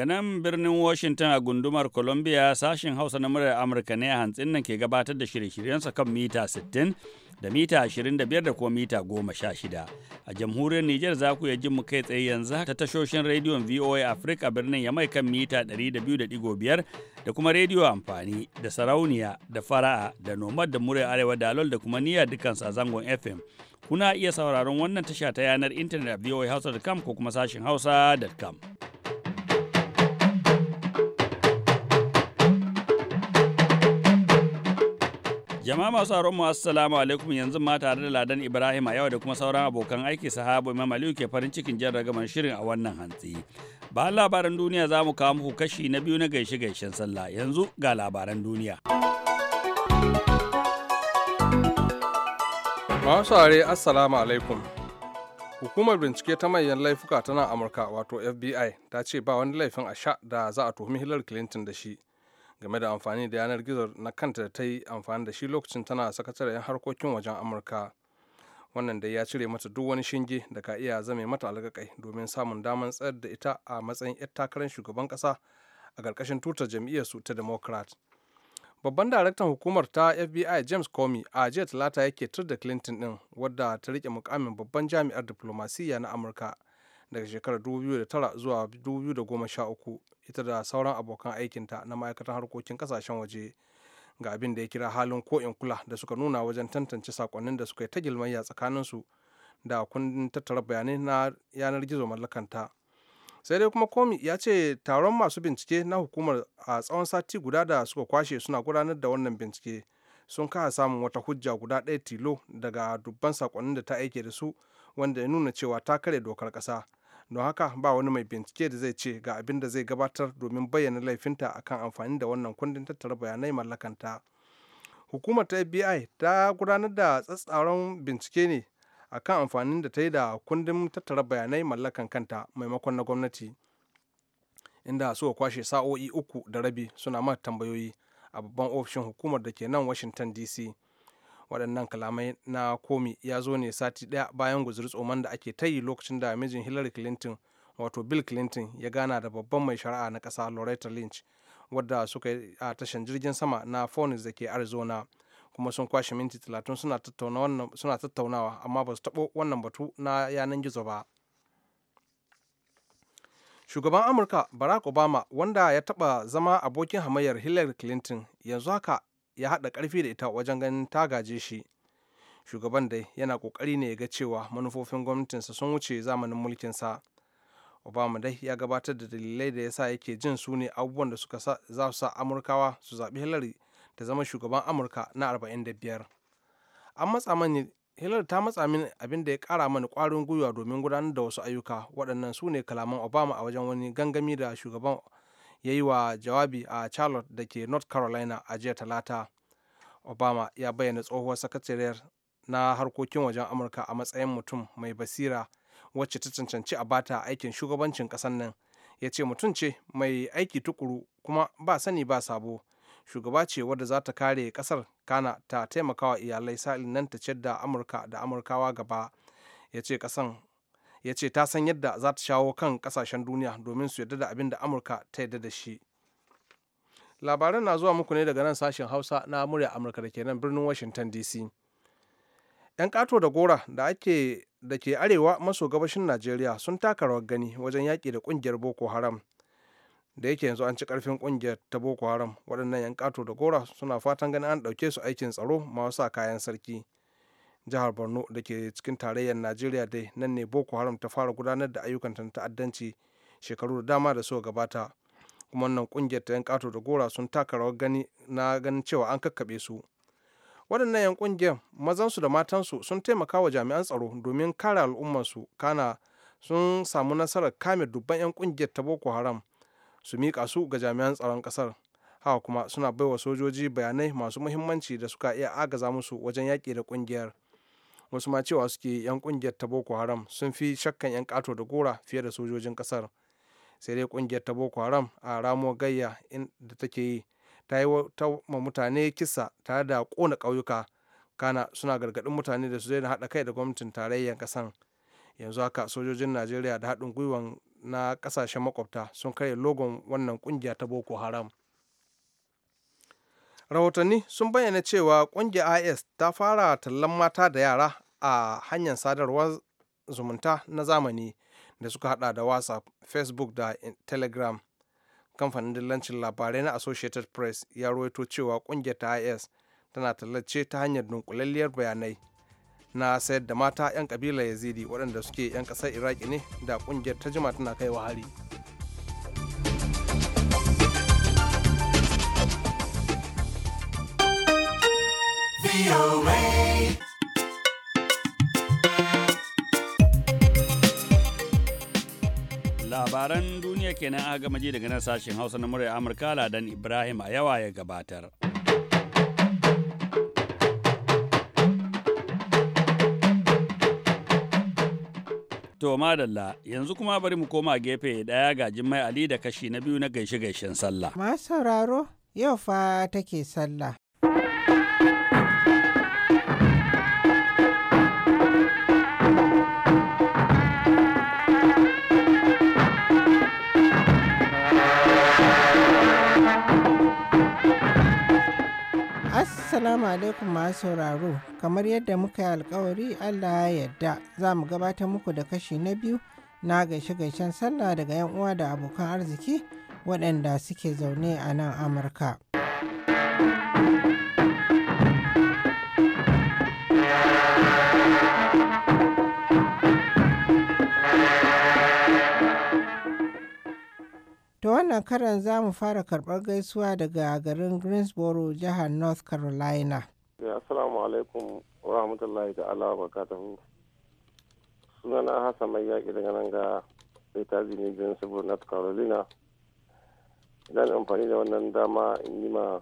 Daga nan birnin Washington a gundumar Columbia sashen Hausa na murar Amurka ne a hantsin nan ke gabatar da shirye-shiryensa kan mita 60 da mita 25 da kuma mita 16. A jamhuriyar Nijar za ku iya mu kai tsaye yanzu ta tashoshin rediyon VOA Africa birnin ya mai kan mita 200.5 da kuma rediyo amfani da sarauniya da fara'a da nomad da murar arewa dalol da kuma niyya dukansa a zangon FM. Kuna iya sauraron wannan tasha ta yanar intanet a voahausa.com ko kuma sashin hausa.com. Jama'a masu haron mu assalamu alaikum yanzu ma tare da Ladan Ibrahim a yau da kuma sauran abokan aiki sahabu Imam Aliyu ke farin cikin jan ragaman shirin a wannan hantsi. Bayan labaran duniya za mu kawo muku kashi na biyu na gaishe gaishen sallah yanzu ga labaran duniya. Masu sare assalamu alaikum. Hukumar bincike ta manyan laifuka ta nan Amurka wato FBI ta ce ba wani laifin a sha da za a tuhumi Hillary Clinton da shi. game da amfani da yanar gizo na kanta da ta yi amfani da shi lokacin tana sakataren harkokin wajen amurka wannan dai ya cire mata duk wani shinge da ka iya zame mata alƙaƙai domin samun damar tsayar da ita a matsayin 'yar takarar shugaban ƙasa a karkashin tutar jam'iyyarsu ta democrat babban daraktan hukumar ta fbi james comey a jiya talata yake tur da clinton din wadda ta rike mukamin babban jami'ar diplomasiyya na amurka daga shekarar 2009 zuwa 2013 ita da sauran abokan aikinta na ma'aikatan harkokin kasashen waje ga abin da ya kira halin ko in kula da suka nuna wajen tantance sakonnin da suka yi ta gilmayya su da kundin tattara bayanai na yanar gizo mallakanta sai dai kuma komi ya ce taron masu bincike na hukumar a tsawon sati guda da suka kwashe suna gudanar da wannan bincike sun kasa samun wata hujja guda ɗaya tilo daga dubban sakonnin da ta aike da su wanda ya nuna cewa ta kare dokar ƙasa don haka ba wani mai bincike da zai ce ga abin da zai gabatar domin bayyana laifinta akan amfani da wannan kundin tattara bayanai mallakanta hukumar ta fbi ta gudanar da tsatsaron bincike ne akan amfanin da ta yi da kundin tattara bayanai mallakan kanta maimakon na gwamnati inda suka kwashe sa'o'i uku da rabi suna mata tambayoyi a babban ofishin hukumar da ke nan washington dc waɗannan kalamai na komi ya zo ne sati ɗaya bayan guzuri tsoman da ake ta yi lokacin da mijin hillary clinton wato bill clinton ya gana da babban mai shari'a na ƙasa loretta lynch wadda suka yi a tashan jirgin sama na phoenix da ke arizona kuma sun kwashe minti talatin suna tattaunawa amma ba su taɓo wannan batu na yanan gizo ba shugaban amurka barack obama wanda ya taɓa zama abokin hamayyar hillary clinton yanzu haka ya haɗa karfi da ita wajen ganin ta gaje shi shugaban dai yana ƙoƙari ne ya ga cewa manufofin gwamnatinsa sun wuce zamanin mulkinsa obama dai ya gabatar da dalilai da ya sa yake jin su ne abubuwan da suka za su sa amurkawa su zaɓi hillary ta zama shugaban amurka na 45 an matsa mani hillary ta matsa mini abin da ya kara mani kwarin gwiwa domin gudanar da wasu ayyuka waɗannan su ne kalaman obama a wajen wani gangami da shugaban ya yi wa jawabi a charlotte da ke north carolina a jiya talata obama ya bayyana tsohuwar sakatariyar na harkokin wajen amurka a matsayin mutum mai basira wacce ta cancanci a bata aikin shugabancin kasan nan ya ce mutum ce mai aiki tukuru kuma ba sani ba sabo shugaba ce wadda za ta kare ƙasar kana ta taimakawa iyalai sa'ilin nan ta ciyar da amurka da amurkawa gaba ya ce ƙasan ya ce ta san yadda za ta shawo kan kasashen duniya domin su yarda da abin da amurka ta yarda da shi labaran na zuwa muku ne daga nan sashen hausa na murya amurka da ke nan birnin washington dc 'yan kato da gora da ake da ke arewa maso gabashin najeriya sun taka rawar gani wajen yaƙi da ƙungiyar boko haram da yake yanzu an ci karfin ƙungiyar ta boko haram waɗannan 'yan kato da gora suna fatan ganin an ɗauke su aikin tsaro ma wasa kayan sarki jihar borno da ke cikin tarayyar najeriya dai nan ne boko haram ta fara gudanar da ayyukan ta ta'addanci shekaru da dama da suka gabata kuma wannan kungiyar ta yan kato da gora sun taka rawar gani na ganin cewa an kakkaɓe su waɗannan yan kungiyar mazansu da matansu sun taimaka wa jami'an tsaro domin kare al'ummarsu kana sun samu nasarar kame dubban yan kungiyar ta boko haram su miƙa su ga jami'an tsaron ƙasar haka kuma suna baiwa sojoji bayanai masu muhimmanci da suka iya agaza musu wajen yaƙi da ƙungiyar wasu ma cewa suke yan kungiyar ta boko haram sun fi shakkan yan kato da gora fiye da sojojin kasar sai dai kungiyar ta boko haram a ramo gayya inda take yi ta yi ma mutane kisa tare da kona kauyuka kana suna gargadin mutane da su zai haɗa kai da gwamnatin tarayyar kasan yanzu haka sojojin najeriya da haɗin gwiwan na ƙasashen makwabta sun karya logon wannan kungiya ta boko haram rahotanni sun bayyana cewa kungiyar is ta fara tallan mata da yara a hanyar sadarwar zumunta na zamani da suka hada da whatsapp facebook da telegram kamfanin dillancin labarai na associated press ya rawaito cewa kungiyar ta is tana tallace ta hanyar dunkulalliyar bayanai na sayar da mata 'yan kabilar yazidi waɗanda suke 'yan ƙasar iraki ne da kungiyar ta jima tana kaiwa hari labaran duniya kenan a gama ji daga nan sashen Hausa na murya Amurka Ladan Ibrahim a yawa ya gabatar. To madalla yanzu kuma bari mu koma gefe ɗaya ga mai Ali da kashi na biyu na gaishe-gaishen sallah. Ma yau fa take sallah. Assalamu alaikum masu sauraro, kamar yadda muka yi alkawari Allah ya yarda za mu gabatar muku da kashi na biyu na gaishe-gaishen sallah daga 'yan uwa da abokan arziki waɗanda suke zaune a nan Amurka. wannan karan za mu fara karɓar gaisuwa daga garin Greensboro, jihar North Carolina. Eh, assalamu alaikum wa rahmatullahi ta'ala wa barakatuhu. Sunana Hassan mai yaƙi daga nan ga sai ta zini Greensboro, North Carolina. Idan amfani da wannan dama in yi ma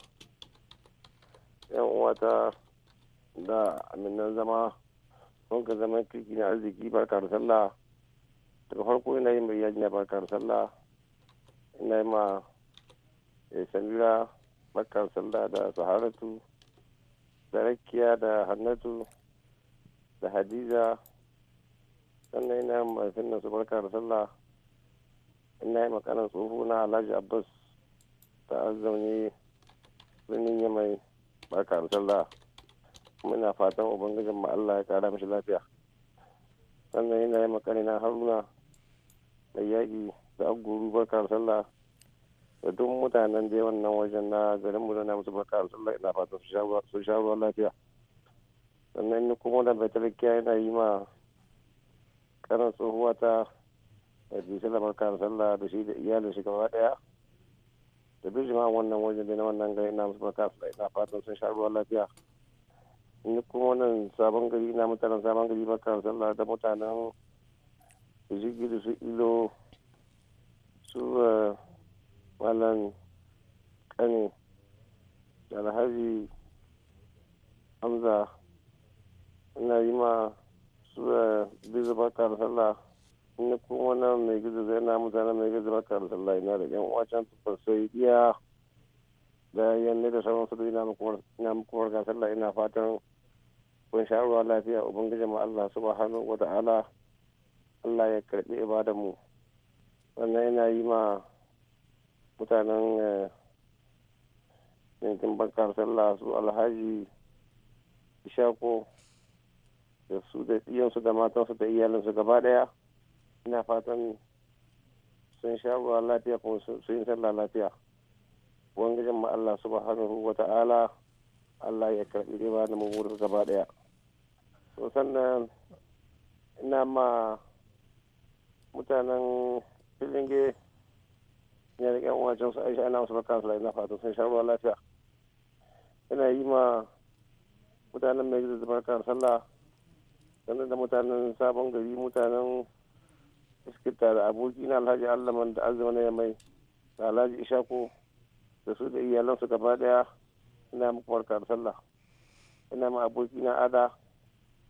'yan uwata da aminan zama sun ka zama kirki na arziki barkar sallah daga farko ina yin bayyani na barkar sallah ina ma ya shamila makan sallah da saharatu da rakiya da hannatu da hadiza sannan ina ma finna su barka da sallah ina yi makanan tsohu na alhaji abbas ta azzauni birnin yamai barka da sallah muna fatan ubangijin mu allah ya kara mishi lafiya sannan ina yi makanina haruna mai yaƙi da ba kan sallah da duk mutanen da wannan wajen na garin mu na musu barkar sallah ina fatan su sha ruwa lafiya sannan ni kuma da bai talakiya yana yi ma karan tsohuwa ta da bisa da barkar sallah da shi da iyalin shi gaba daya da bi jima wannan wajen da na wannan garin na musu barkar sallah ina fatan sun sha ruwa lafiya ni kuma wannan sabon gari na mutanen sabon gari barkar sallah da mutanen jirgi da su ilo su malam kane da alhaji hamza ina yi ma su bizu uh, barka da sallah ina kuma na mai gizo zai na mutane mai gizo baka da sallah ina da yan uwa can tufar sai iya da yanne da sauran su ina muku barka sallah ina fatan kun sha ruwa lafiya ubangijin mu Allah subhanahu wa ta'ala Allah ya karbi ibadan mu wannan yana yi ma mutanen eh, yankin bakar sallah su alhaji ishako da su da tsiyansu da matansu da iyalinsu gaba daya ina fatan sun sha ruwa lafiya kuma sun yi sallah lafiya ubangijin ma Allah hannu wa ta'ala Allah ya karɓi riba da maburu gaba daya sannan ina ma mutanen filinge ya da yan uwacin su aisha ana musu baka su na fatan sun sha ruwa lafiya ina yi ma mutanen mai da barkar sallah sannan da mutanen sabon gari mutanen iskita da aboki na alhaji allaman da azumi na mai da alhaji ishako da su da iyalansu gaba daya ina muku barkar sallah ina ma aboki na ada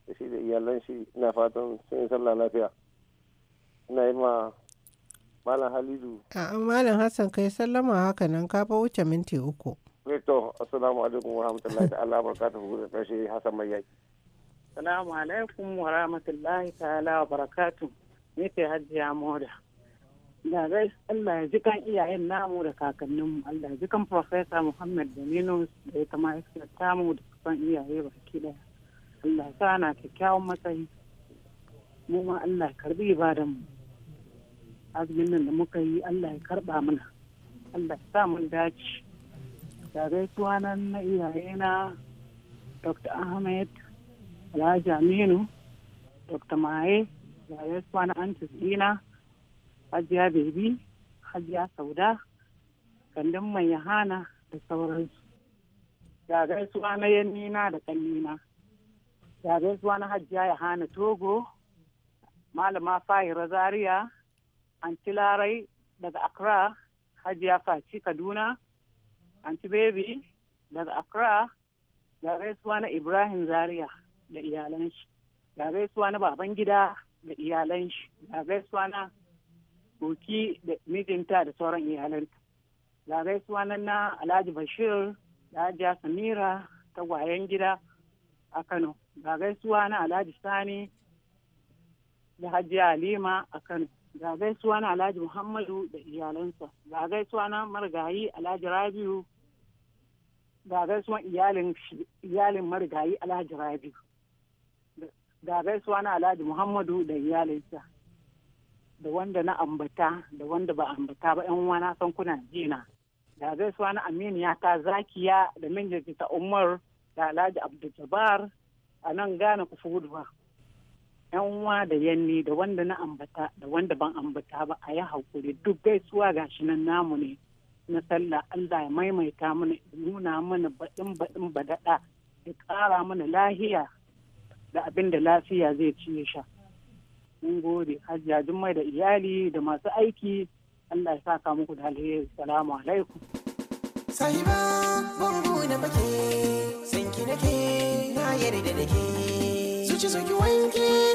da shi da iyalan shi ina fatan sun yi sallah lafiya ina yi ma Malam Halidu. A'a Malam Hassan kai sallama haka nan ka fa wuce minti uku. Eh, to assalamu alaikum wa rahmatullahi ta'ala wa barakatuhu da Hassan mai yaki. Assalamu alaikum wa rahmatullahi ta'ala wa barakatuhu. Ni ce Hajiya Moda. Da zai Allah ya ji kan iyayen namu da kakanninmu Allah ya ji kan Profesa Muhammad Damino da ya kama mu da kusan iyaye baki ɗaya, Allah ya sa na kyakkyawan matsayi. Mu ma Allah karbi ibadan mu. azumin nan da muka yi Allah ya karba mana Allah ya sa mun dace da gaisuwa nan na iyayena Dr. Ahmed Alhaji Aminu Dr. Maye da gaisuwa na Antis Dina Hajiya Bebi Hajiya Sauda Kandin Mai Yahana da sauransu da gaisuwa na Yanina da kallina da gaisuwa na Hajiya Yahana Togo Malama Fahira Zaria anti larai daga accra hajiya faci kaduna anti baby daga accra da gaisuwa na ibrahim zaria da iyalan shi ga gaisuwa na baban gida da iyalan shi ga gaisuwa na Boki da mijinta da sauran ta ga gaisuwa na na alhaji bashir da hajiya samira ta wayan gida a kano ga gaisuwa na alhaji sani da hajiya halima a kano ga gaisuwa na Alhaji Muhammadu da iyalansa ga gaisuwa na marigayi Alhaji Rabiu ga gaisuwan iyalin iyalin marigayi Alhaji Rabiu ga gaisuwa na Alhaji Muhammadu da iyalinsa da wanda na ambata da wanda ba ambata ba yan uwana san kuna jina da gaisuwa na Aminiya ta Zakiya da Minjinta Umar da Alhaji Abdul Jabbar a nan gane ku ba. yan uwa da yanni da wanda na ambata da wanda ban ambata ba a yi haƙuri duk gaisuwa shi nan namu ne na sallah Allah ya maimaita mana nuna mana baɗin baɗin badaɗa ya ƙara mana lahiya da abin da lafiya zai ci sha. Mun gode hajjajin mai da iyali da masu aiki Allah ya saka muku da alheri salamu alaikum. Sahiba gungu na bake sanki nake na yarda nake zuci zuki wanke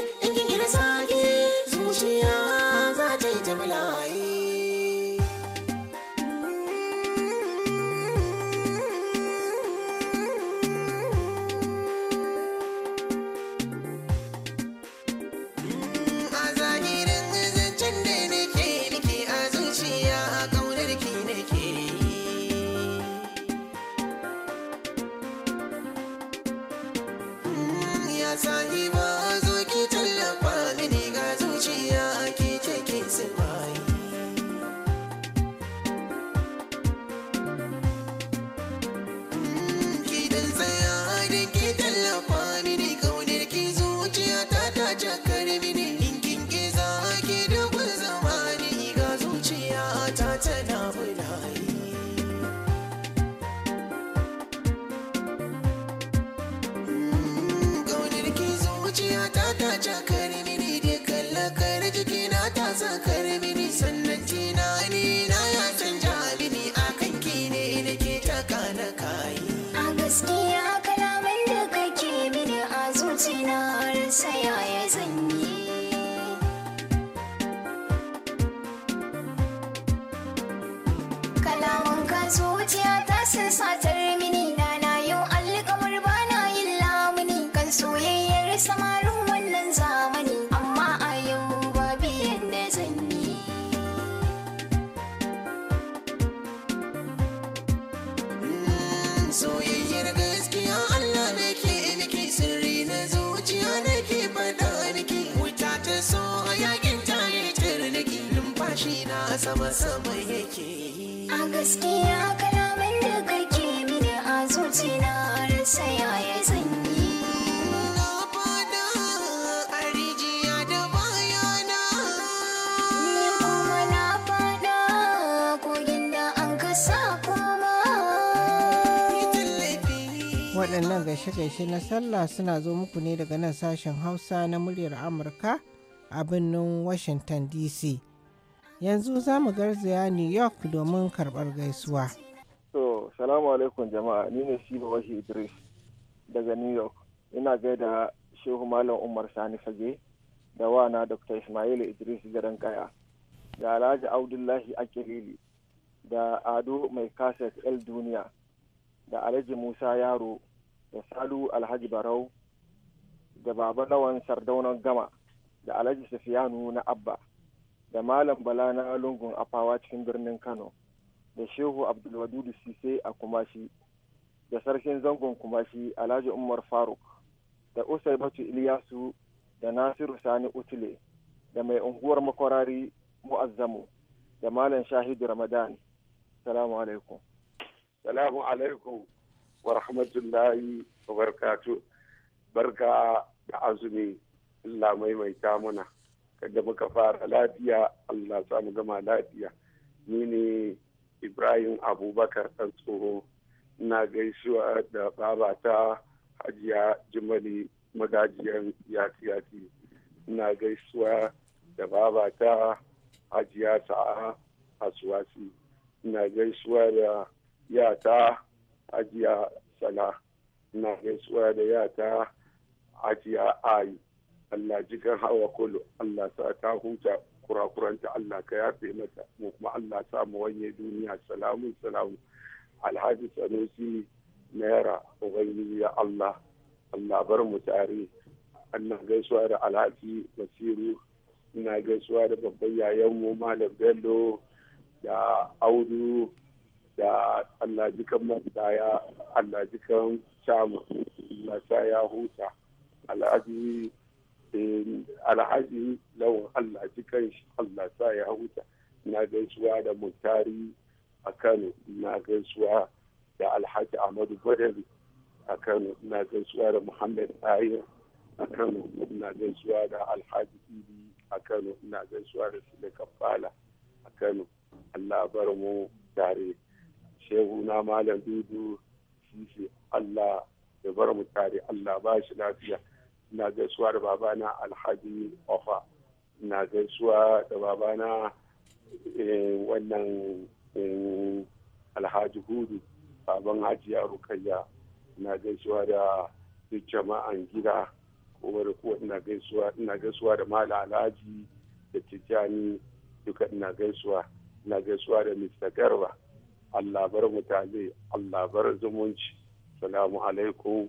numfashi na sama sama yake yi a gaskiya kalaman da kake mini a zuciya rasa yaya zan yi na fada a rijiya da bayana kuma na kogin da an kasa kuma waɗannan gaishe-gaishe na sallah suna zo muku ne daga nan sashen hausa na muryar amurka a birnin washington dc yanzu za mu garzaya new york domin karbar gaisuwa so salamu alaikum jama'a ni ne shi idris daga new york ina gaida shehu malam umar sani fage da wana dr ismail idris garan kaya da alhaji abdullahi akilili da ado mai kaset el duniya da alhaji musa yaro da salu alhaji barau da baba lawan sardaunan gama da alhaji safiyanu na abba da malam bala na lungun afawa cikin birnin kano da shehu abdulwadudu sise a kumashi da sarkin zangon kumashi alhaji umar faruk da usai batu iliyasu da nasiru sani utule da mai unguwar makwarari mu'azzamu da malam shahidu ramadan salamu alaikum salamu alaikum wa rahmatullahi wa barkatu barka da azumi Allah maimaita muna da muka fara lafiya Allah sa mu gama lafiya ni ne Ibrahim Abubakar ɗan tsoro na gaisuwa da babata Hajiya Jimali magajiyar yaki-yaki na gaisuwa da babata Hajiya Sa'a Asuwasi na gaisuwa da yata Hajiya Sala na gaisuwa da yata Hajiya Ayi Allah jikan hawa kolo Allah sa ta huta kurakuranta Allah ka yafe mata mu kuma Allah sa mu wanye duniya salamun salamun alhaji sanusi naira ubangiji ya Allah Allah bar mu tare annan gaisuwa da alhaji basiru ina gaisuwa da babban yayanmu malam bello da audu da Allah jikan masaya Allah jikan Chama, Allah sa ya huta alhaji Eh, alhaji lawan allah ji kan shi allah sa ya huta na gaisuwa da mutari a kano na gaisuwa da alhaji ahmadu badari a kano na gaisuwa da muhammad ayir a kano na gaisuwa da alhaji ibi a kano na gaisuwa da sule kafala a kano allah bar mu tare shehu na malam dudu sisi allah ya bar mu tare allah ba shi lafiya na gaisuwa da babana alhaji ofa na gaisuwa da babana eh, wannan eh, alhaji hudu baban hajiya rukayya na gaisuwa da duk jama'an gida kowar da ina gaisuwa ina gaisuwa da mala alhaji da tijjani duka ina gaisuwa ina gaisuwa da mr garba allah bar mutane allah bar zumunci salamu alaikum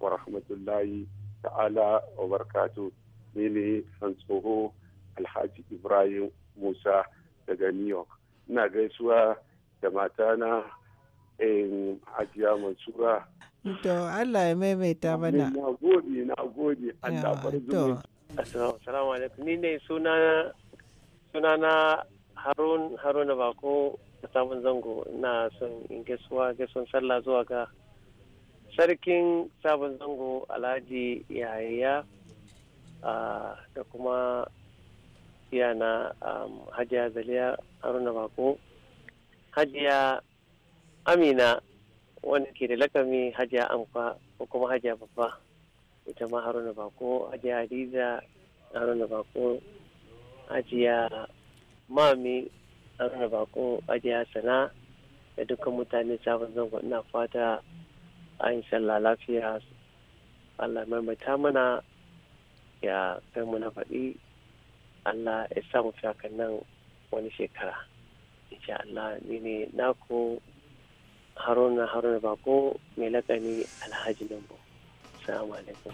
wa rahmatullahi ta'ala wa barkatu ni ne san tsoho alhaji ibrahim musa daga new york ina gaisuwa da matana in hajiya mansura to allah ya maimaita mana na gode na gode allah bar assalamu alaikum ni ne suna na harun haruna bako sabon zango na son gaisuwa gaisuwa sallah zuwa ga sarkin sabon zango alhaji yahaya da kuma yana um, hajiya zaliya haruna bako hajiya amina wanda ke da lakami hajiya amfa ko kuma hajiya babba ita ma haruna bako hajiya hadiza haruna bako hajiya mami haruna bako hajiya sana da dukkan mutane sabon zango ina fata an sallah lafiya Allah maimaita mana ya kai mu na faɗi Allah ya mu fiyakan nan wani shekara insha Allah ni ne nako haruna haruna bako mai lakani alhaji lambo salamu alaikum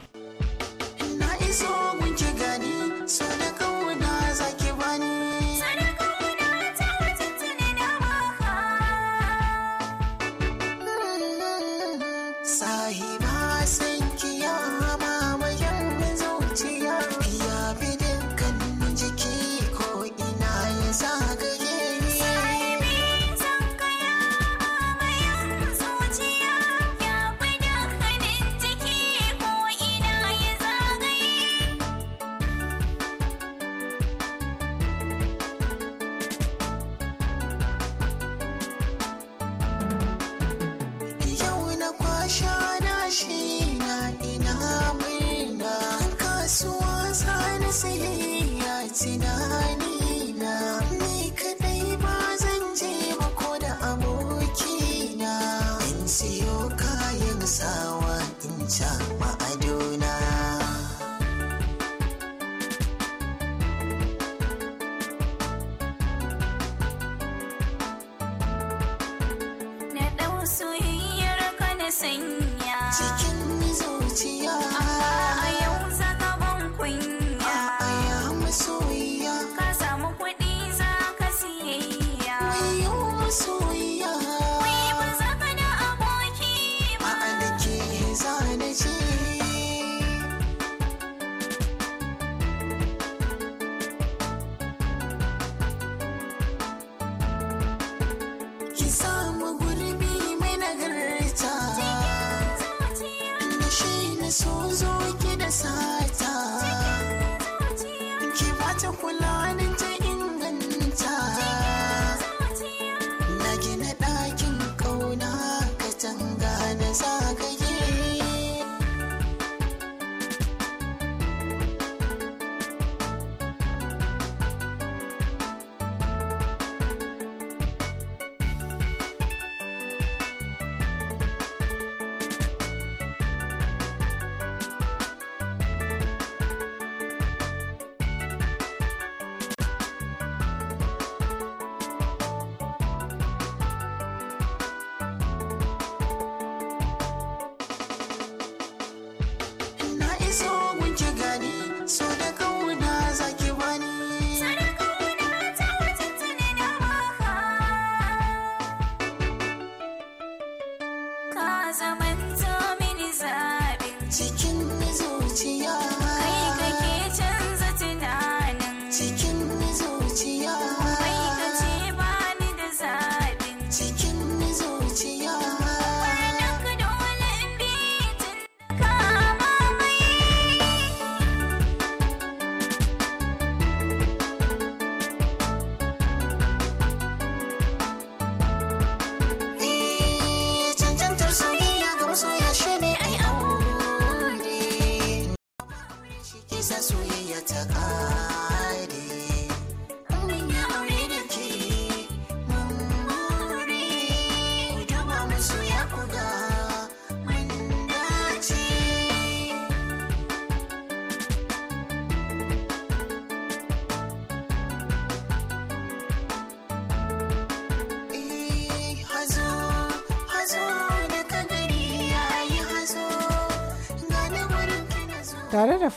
chapa. Bye.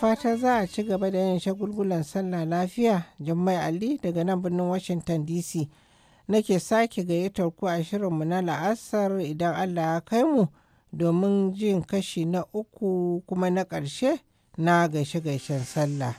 fata za a ci gaba da yin shagulgulan sallah lafiya jummai ali daga nan birnin washington dc nake sake gayyatar ku a shirinmu na la'asar idan allah ya kai mu domin jin kashi na uku kuma na ƙarshe na gaishe-gaishen sallah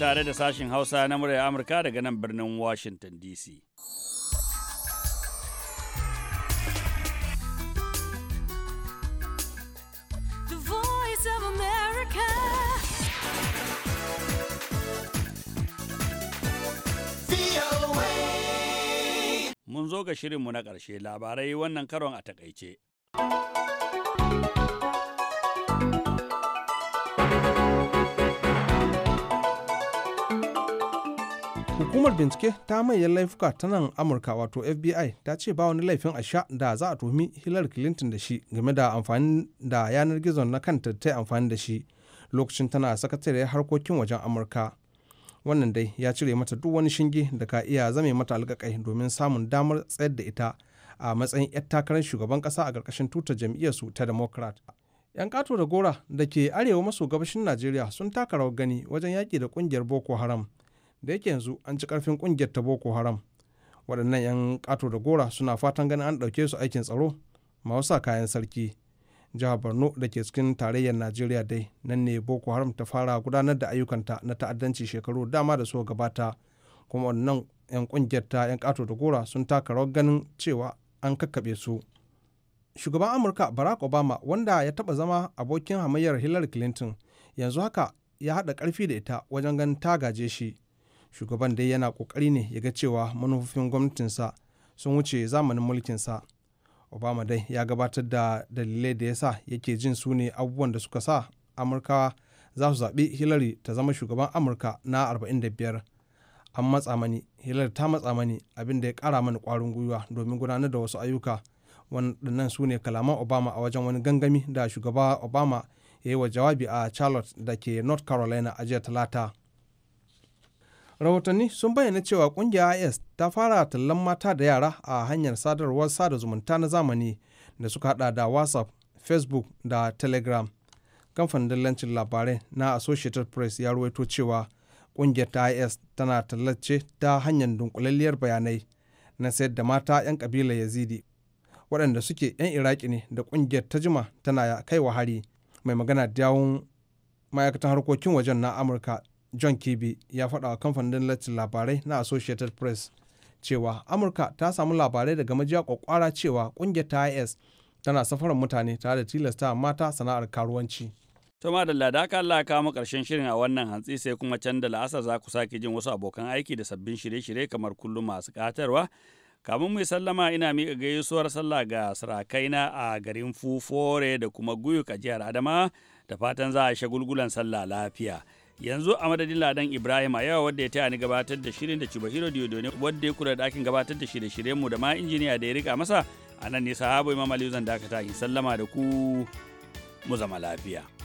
tare da sashin Hausa na murya Amurka daga nan birnin Washington DC. Mun zo ga shirinmu na ƙarshe labarai wannan karon a takaice. hukumar bincike ta manyan laifuka ta nan amurka wato fbi ta ce ba wani laifin a sha da za a tuhumi hillary clinton da shi game da amfani da yanar gizon na kanta ta amfani da shi lokacin tana sakatare harkokin wajen amurka wannan dai ya cire mata duk wani shinge da ka iya zame mata alƙaƙai domin samun damar tsayar da ita a matsayin 'yar takarar shugaban ƙasa a ƙarƙashin tutar jam'iyyarsu ta democrat 'yan kato da gora da ke arewa maso gabashin najeriya sun taka rawar gani wajen yaƙi da ƙungiyar boko haram da yake yanzu an ci karfin kungiyar ta boko haram waɗannan 'yan ƙato da gora suna fatan ganin an ɗauke su aikin tsaro ma wasa kayan sarki jihar borno da ke cikin tarayyar najeriya dai nan ne boko haram ta fara gudanar da ayyukanta na ta'addanci shekaru dama da suka gabata kuma waɗannan 'yan ƙungiyar ta 'yan ƙato da gora sun taka rawar ganin cewa an kakkaɓe su shugaban amurka barack obama wanda ya taɓa zama abokin hamayyar hillary clinton yanzu haka ya haɗa ƙarfi da ita wajen ganin ta gaje shi shugaban dai yana kokari ne ya ga cewa manufofin gwamnatinsa sun wuce zamanin mulkinsa obama dai ya gabatar da dalilai da ya sa yake jin su ne abubuwan da suka sa amurka za su zaɓi hillary ta zama shugaban amurka na 45 an matsa mani hillary ta matsa mani abin da ya kara mani ƙwarin gwiwa domin gudanar da wasu ayyuka waɗannan su ne kalaman obama a wajen wani gangami da shugaba obama ya yi wa jawabi a charlotte da ke north carolina a jiya talata rahotanni sun bayyana cewa kungiyar is ta fara tallan mata da yara a hanyar sadarwar sada zumunta na zamani da suka hada da whatsapp facebook da telegram kamfanin dillancin labarai na associated press ya ruwaito cewa kungiyar ta is tana tallace ta hanyar dunkulalliyar bayanai na sayar da mata 'yan kabilar yazidi waɗanda suke 'yan iraki ne da kungiyar ta jima tana kaiwa hari mai magana da yawun ma'aikatan harkokin wajen na amurka john kirby ya faɗa wa kamfanin latin labarai na associated press cewa amurka ta samu labarai daga majiya kwakwara cewa kungiyar ta is tana safarar mutane tare da tilasta mata sana'ar karuwanci To da ka Allah ka mu karshen shirin a wannan hantsi sai kuma can da la'asar za ku sake jin wasu abokan aiki da sabbin shirye-shirye kamar kullum masu katarwa. Kamun mai sallama ina miƙa gaisuwar sallah ga sarakaina a garin Fufore da kuma Guyuk a jihar Adama da fatan za a shagulgulan sallah lafiya. yanzu a madadin ladan ibrahim a yawa wadda ya taya ni gabatar da shirin da cibahiro diodone wadda ya kula da ɗakin gabatar da shirye-shiryen mu da ma injiniya da ya rika masa a nan ne sahabo imam aliyu zan dakata in sallama da ku mu zama lafiya.